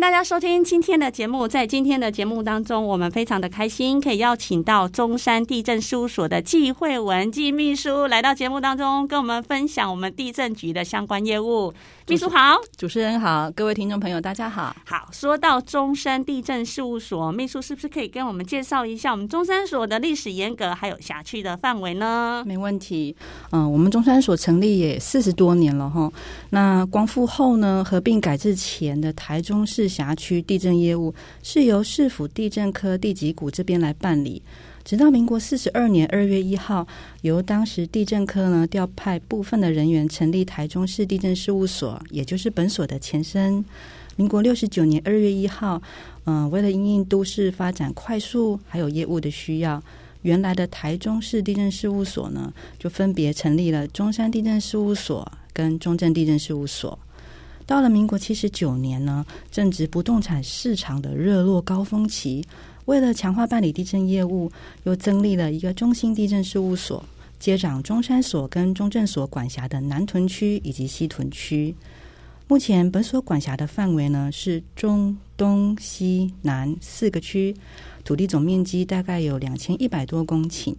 大家收聽今天的節目，在今天的節目當中，我們非常的開心，可以邀請到中山地政事務所的紀惠文紀秘書來到節目當中，跟我們分享我們地政局的相關業務。秘書好，主、主持人好，各位聽眾朋友，大家好。好，說到中山地政事務所，秘書是不是可以跟我們介紹一下我們中山所的歷史沿革，還有轄區的範圍呢？沒問題。嗯、呃，我們中山所成立也四十多年了哈。那光復後呢，合併改制前的台中市，轄區地政業務是由市府地政科地籍股這邊來辦理，直到民國四十二年二月一號，由當時地政科呢調派部分的人員成立台中市地政事務所，也就是本所的前身。民國六十九年二月一號，嗯、呃，為了因應都市發展快速，還有業務的需要，原來的台中市地政事務所呢，就分別成立了中山地政事務所跟中正地政事務所。到了民國七十九年呢，正值不動產市場的熱絡高峰期，為了強化辦理地政業務，又增立了一個中興地政事務所，接掌中山所跟中正所管轄的南屯區以及西屯區。目前本所管轄的範圍呢，是中、東、西、南四個區，土地總面積大概有兩千一百多公頃。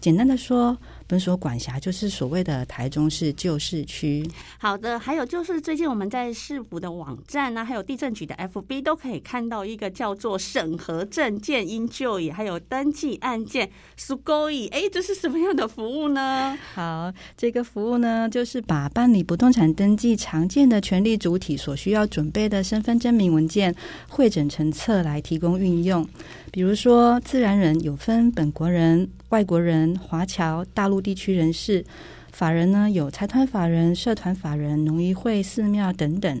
簡單的說，本所管轄就是所謂的台中市舊市區。好的，還有就是最近我們在市府的網站呢、啊，還有地政局的 FB 都可以看到一個叫做“審核證件 enjoy”，還有登記案件 sugoi。哎，這是什麼樣的服務呢？好，這個服務呢，就是把辦理不動產登記常見的權利主體所需要準備的身份證明文件彙整成冊來提供運用。比如說，自然人有分本國人。外國人、華僑、大陸地區人士、法人呢，有財團法人、社團法人、農漁會、寺廟等等。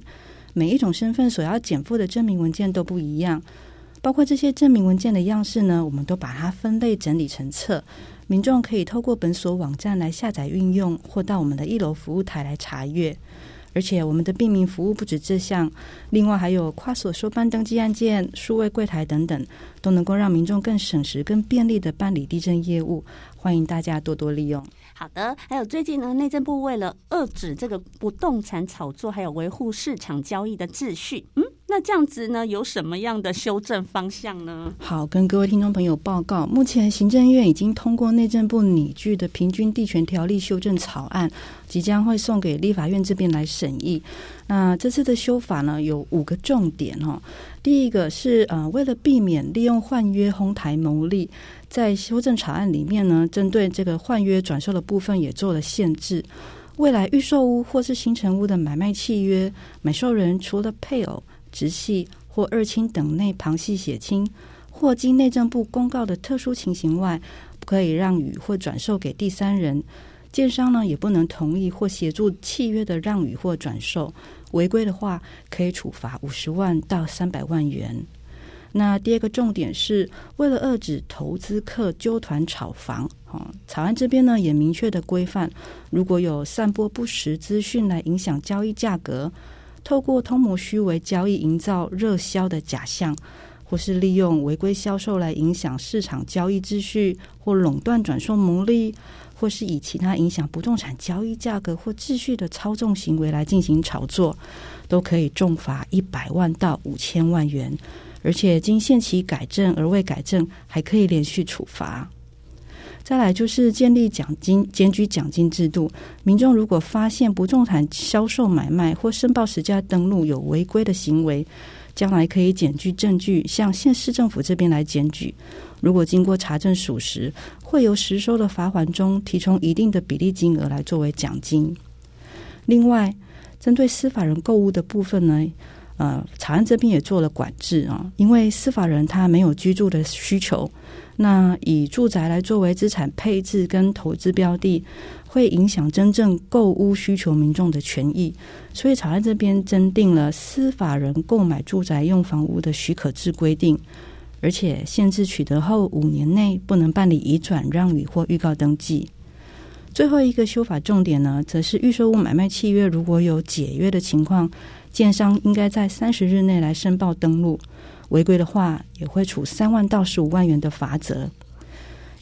每一種身份所要減負的證明文件都不一樣，包括這些證明文件的樣式呢，我們都把它分類整理成冊，民眾可以透過本所網站來下載運用，或到我們的一樓服務台來查閱。而且我們的便民服務不止這項，另外還有跨所收辦登記案件、數位櫃檯等等，都能夠讓民眾更省時、更便利的辦理地政業務。歡迎大家多多利用。好的，還有最近呢，內政部為了遏止這個不動產炒作，還有維護市場交易的秩序。嗯那這樣子呢，有什麼樣的修正方向呢？好，跟各位聽眾朋友報告，目前行政院已經通過內政部擬具的平均地權條例修正草案，即將會送給立法院這邊來審議。那這次的修法呢，有五個重點哦。第一個是呃，為了避免利用換約哄抬牟利，在修正草案裡面呢，針對這個換約轉售的部分也做了限制。未來預售屋或是新成屋的買賣契約，買受人除了配偶。直系或二親等內旁系血親，或經內政部公告的特殊情形外，不可以讓與或轉售給第三人。建商呢，也不能同意或協助契約的讓與或轉售。違規的話，可以處罰五十萬到三百萬元。那第二個重點是為了遏止投資客揪團炒房，好，草案這邊呢也明確的規範，如果有散播不實資訊來影響交易價格，透過通謀虛偽交易營造熱銷的假象，或是利用違規銷售來影響市場交易秩序或壟斷轉售牟利，或是以其他影響不動產交易價格或秩序的操縱行為來進行炒作，都可以重罰一百萬到五千萬元，而且經限期改正而未改正，還可以連續處罰。再來就是建立獎金檢舉獎金制度，民眾如果發現不動產銷售買賣或申報實價登錄有違規的行為，將來可以檢舉證據向縣市政府這邊來檢舉。如果經過查證屬實，會由實收的罰鍰中提存一定的比例金額來作為獎金。另外，針對司法人購物的部分呢？呃，草案這邊也做了管制啊，因為私法人他沒有居住的需求，那以住宅來作為資產配置跟投資標的，會影響真正購屋需求民眾的權益，所以草案這邊增訂了私法人購買住宅用房屋的許可制規定，而且限制取得後五年內不能辦理移轉讓與或預告登記。最後一個修法重點呢，則是預售屋買賣契約如果有解約的情況。建商應該在三十日內來申報登錄，違規的話也會處三萬到十五萬元的罰則。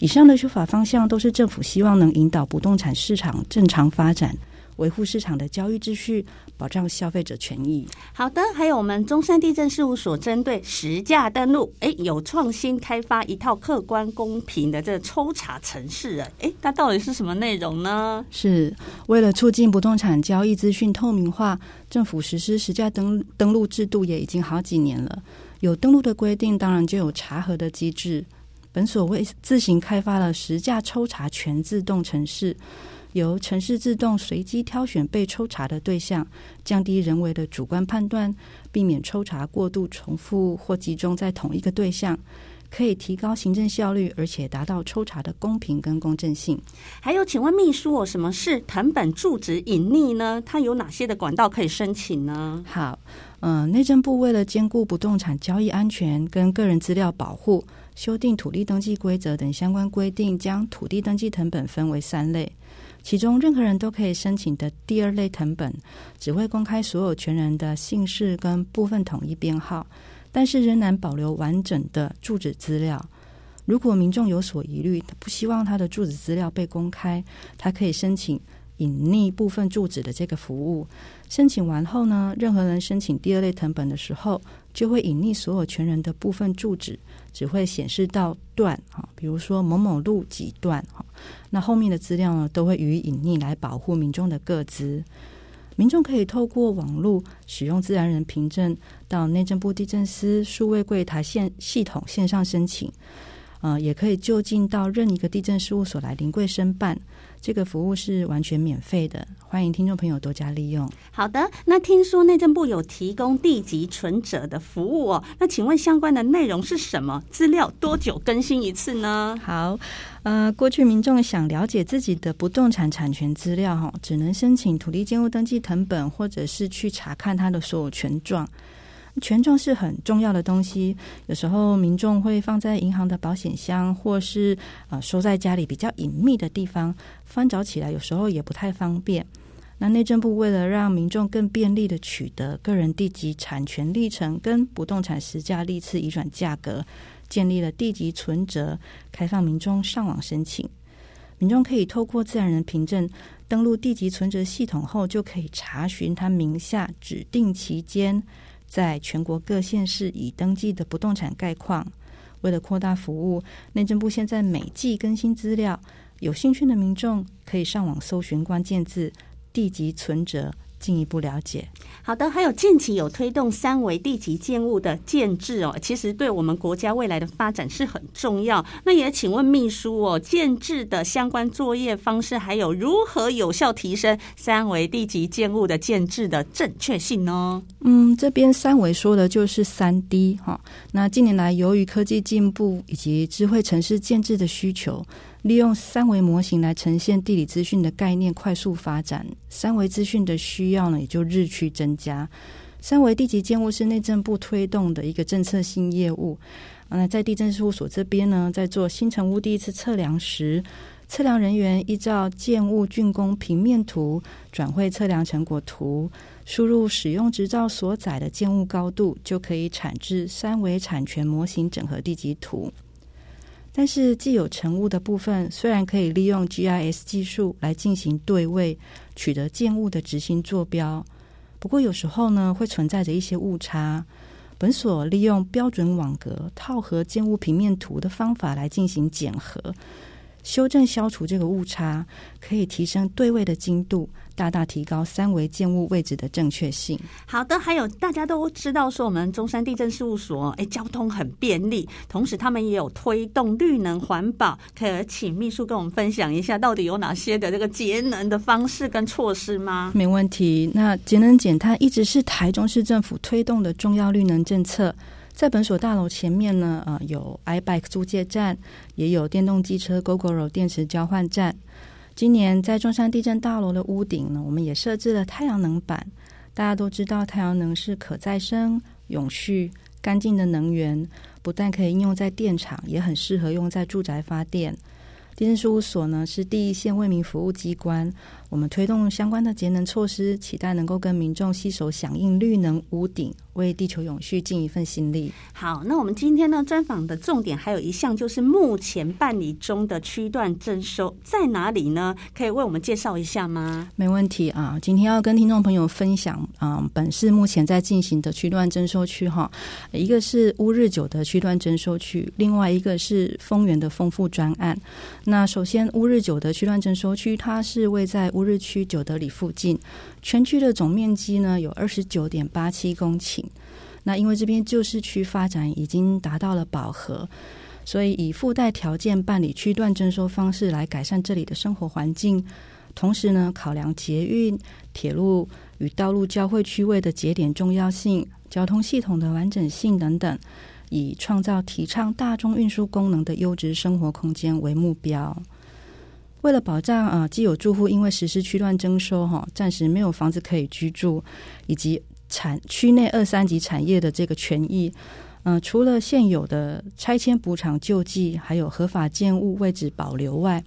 以上的修法方向都是政府希望能引導不動產市場正常發展。維護市場的交易秩序，保障消費者權益。好的，還有我們中山地政事務所針對實價登錄，有創新開發一套客觀公平的這個抽查程式啊，它到底是什麼內容呢？是為了促進不動產交易資訊透明化，政府實施實價登登錄制度也已經好幾年了，有登錄的規定，當然就有查核的機制。本所為自行開發了實價抽查全自動程式。由城市自動隨機挑選被抽查的對象，降低人為的主觀判斷，避免抽查過度重複或集中在同一個對象，可以提高行政效率，而且達到抽查的公平跟公正性。還有，請問秘書、哦，我什麼是？謄本住址隱匿呢？它有哪些的管道可以申請呢？好，嗯、呃，內政部為了兼顧不動產交易安全跟個人資料保護，修訂土地登記規則等相關規定，將土地登記謄本分為三類。其中任何人都可以申請的第二類謄本，只會公開所有權人的姓氏跟部分統一編號，但是仍然保留完整的住址資料。如果民眾有所疑慮，他不希望他的住址資料被公開，他可以申請。隱匿部分住址的這個服務，申請完後呢，任何人申請第二類謄本的時候，就會隱匿所有權人的部分住址，只會顯示到段，比如說某某路幾段，那後面的資料呢，都會予以隱匿來保護民眾的個資。民眾可以透過網絡使用自然人憑證到內政部地政司數位櫃台線系統線上申請，呃，也可以就近到任一個地政事務所來臨櫃申辦。這個服務是完全免費的，歡迎聽眾朋友多加利用。好的，那聽說內政部有提供地籍存摺的服務哦，那請問相關的內容是什麼？資料多久更新一次呢？好，呃，過去民眾想了解自己的不動產產權資料哈，只能申請土地建物登記謄本，或者是去查看它的所有權狀。權重是很重要的東西，有時候民眾會放在銀行的保險箱，或是啊收在家裡比較隱秘的地方，翻找起來有時候也不太方便。那內政部為了讓民眾更便利地取得個人地籍產權歷程跟不動產實價歷次移轉價格，建立了地籍存折，開放民眾上網申請。民眾可以透過自然人憑證登錄地籍存折系統後，就可以查詢他名下指定期間在全國各縣市已登記的不動產概況。為了擴大服務，內政部現在每季更新資料，有興趣的民眾可以上網搜尋關鍵字“地籍存摺”。進一步了解，好的，還有近期有推動三維地籍建物的建置哦，其實對我們國家未來的發展是很重要。那也請問秘書哦，建置的相關作業方式，還有如何有效提升三維地籍建物的建置的正確性呢？嗯，這邊三維說的就是三 D 哈。那近年來，由於科技進步以及智慧城市建置的需求，利用三維模型來呈現地理資訊的概念快速發展，三維資訊的需要呢也就日趨增加。三維地籍建物是內政部推動的一個政策性業務。那在地政事務所這邊呢，在做新成屋第一次測量時，測量人員依照建物竣工平面圖轉繪測量成果圖，輸入使用執照所載的建物高度，就可以產製三維產權模型整合地籍圖。但是，既有建物的部分雖然可以利用 GIS 技術來進行對位，取得建物的執行坐標，不過有時候呢會存在着一些誤差。本所利用標準網格套合建物平面圖的方法來進行檢核。修正，消除這個誤差，可以提升對位的精度，大大提高三維建物位置的正確性。好的，還有大家都知道說，我們中山地政事務所，誒，交通很便利，同時他們也有推動綠能環保。可以請秘書跟我們分享一下，到底有哪些的這個節能的方式跟措施嗎？沒問題。那節能減碳一直是台中市政府推動的重要綠能政策。在本所大樓前面呢，呃，有 iBike 租借站，也有電動機車 Gogoro 電池交換站。今年在中山地政大樓的屋頂呢，我們也設置了太陽能板。大家都知道，太陽能是可再生、永續、乾淨的能源，不但可以應用在電廠，也很適合用在住宅發電。地政事務所呢，是第一線為民服務機關，我們推動相關的節能措施，期待能夠跟民眾攜手響應綠能屋頂。為地球永續盡一份心力。好，那我們今天呢，專訪的重點還有一項，就是目前辦理中的區段徵收在哪裡呢？可以為我們介紹一下嗎？沒問題啊，今天要跟聽眾朋友分享啊、嗯，本市目前在進行的區段徵收區哈，一個是烏日九德區段徵收區，另外一個是豐原的豐富專案。那首先烏日九德區段徵收區，它是位在烏日區九德里附近，全區的總面積呢有二十九點八七公頃。那因為這邊舊市區發展已經達到了飽和，所以以附帶條件辦理區段徵收方式來改善這裡的生活環境，同時呢考量捷運、鐵路與道路交匯區位的節點重要性、交通系統的完整性等等，以創造提倡大眾運輸功能的優質生活空間為目標。為了保障啊既有住戶因為實施區段徵收，啊，暫時沒有房子可以居住，以及產區內二三級產業的這個權益，嗯、呃，除了現有的拆遷補償救濟，還有合法建物位置保留外，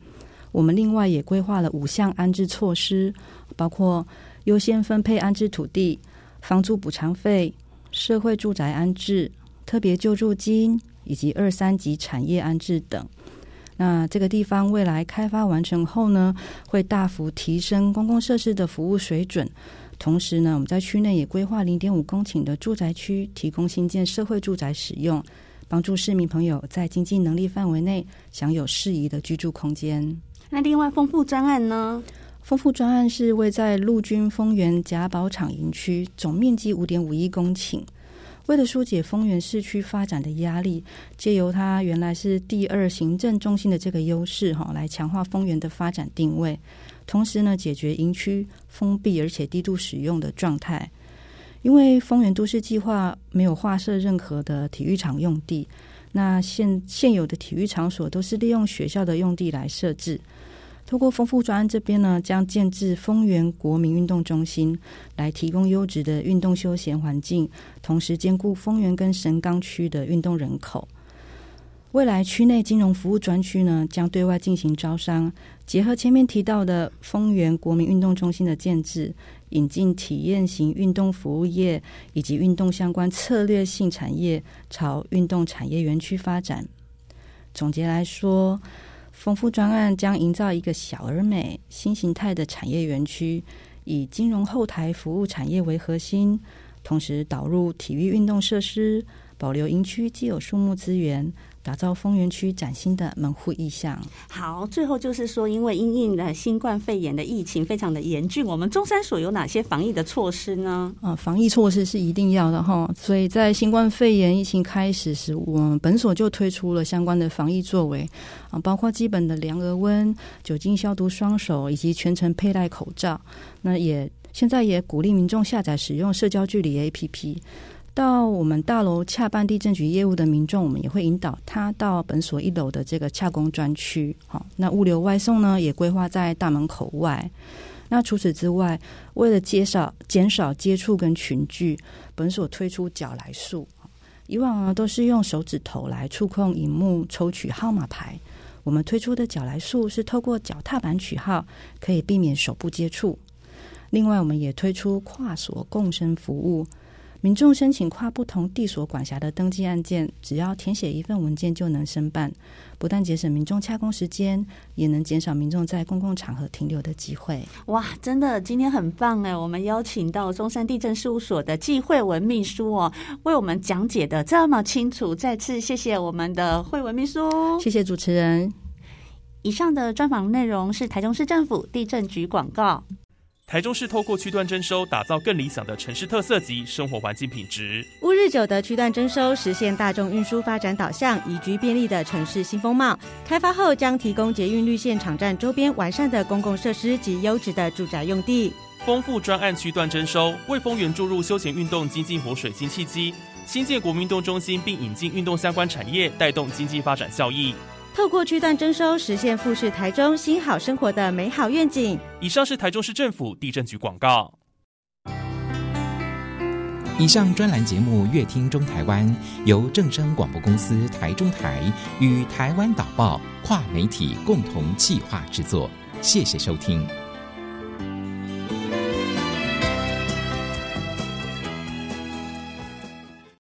我們另外也規劃了五項安置措施，包括優先分配安置土地、房租補償費、社會住宅安置、特別救助金以及二三級產業安置等。那這個地方未來開發完成後呢，會大幅提升公共設施的服務水準。同時呢，我們在區內也規劃零點五公頃的住宅區，提供新建社會住宅使用，幫助市民朋友在經濟能力範圍內享有適宜的居住空間。那另外豐富專案呢，豐富專案是位在陸軍豐原甲寶廠營區，總面積五點五一公頃，為了疏解豐原市區發展的壓力，借由它原來是第二行政中心的這個優勢，哈，來強化豐原的發展定位。同時呢，解決營區封閉而且低度使用的狀態，因為豐原都市計劃沒有劃設任何的體育場用地，那現現有的體育場所都是利用學校的用地來設置。透過豐富專案這邊呢，將建置豐原國民運動中心，來提供優質的運動休閒環境，同時兼顧豐原跟神岡區的運動人口。未來區內金融服務專區呢，將對外進行招商。結合前面提到的豐原國民運動中心的建置，引進體驗型運動服務業以及運動相關策略性產業，朝運動產業園區發展。總結來說，豐富專案將營造一個小而美、新形態的產業園區，以金融後台服務產業為核心，同時導入體育運動設施，保留營區既有樹木資源。打造豐原區嶄新的門戶意象。好，最後就是說，因為因應了新冠肺炎的疫情非常的嚴峻，我們中山所有哪些防疫的措施呢？啊，防疫措施是一定要的哈。所以在新冠肺炎疫情開始時，我們本所就推出了相關的防疫作為啊，包括基本的量額溫、酒精消毒雙手，以及全程佩戴口罩。那也現在也鼓勵民眾下載使用社交距離 APP。到我們大樓洽辦地政局業務的民眾，我們也會引導他到本所一樓的這個洽公專區。好，那物流外送呢，也規劃在大門口外。那除此之外，為了減少減少接觸跟群聚，本所推出腳來數。以往啊，都是用手指頭來觸控螢幕，抽取號碼牌，我們推出的腳來數是透過腳踏板取號，可以避免手部接觸。另外，我們也推出跨所共生服務。民眾申請跨不同地所管轄的登記案件，只要填寫一份文件就能申辦，不但節省民眾洽公時間，也能減少民眾在公共場合停留的機會。哇，真的，今天很棒哎！我們邀請到中山地政事務所的紀惠文秘書哦，為我們講解得這麼清楚，再次謝謝我們的惠文秘書哦。謝謝主持人。以上的專訪內容是台中市政府地政局廣告。臺中市透過區段徵收，打造更理想的城市特色及生活環境品質。烏日九德區段徵收，實現大眾運輸發展導向、宜居便利的城市新風貌。開發後將提供捷運綠線場站周邊完善的公共設施及優質的住宅用地。豐富專案區段徵收，為豐原注入休閒運動經濟活水新契機。興建國民運動中心，並引進運動相關產業，帶動經濟發展效益。透過區段徵收，實現富士台中新好生活的美好願景。以上是台中市政府地政局廣告。以上專欄節目《樂聽中台灣》由正聲廣播公司台中台與台灣導報跨媒體共同企劃製作，謝謝收聽。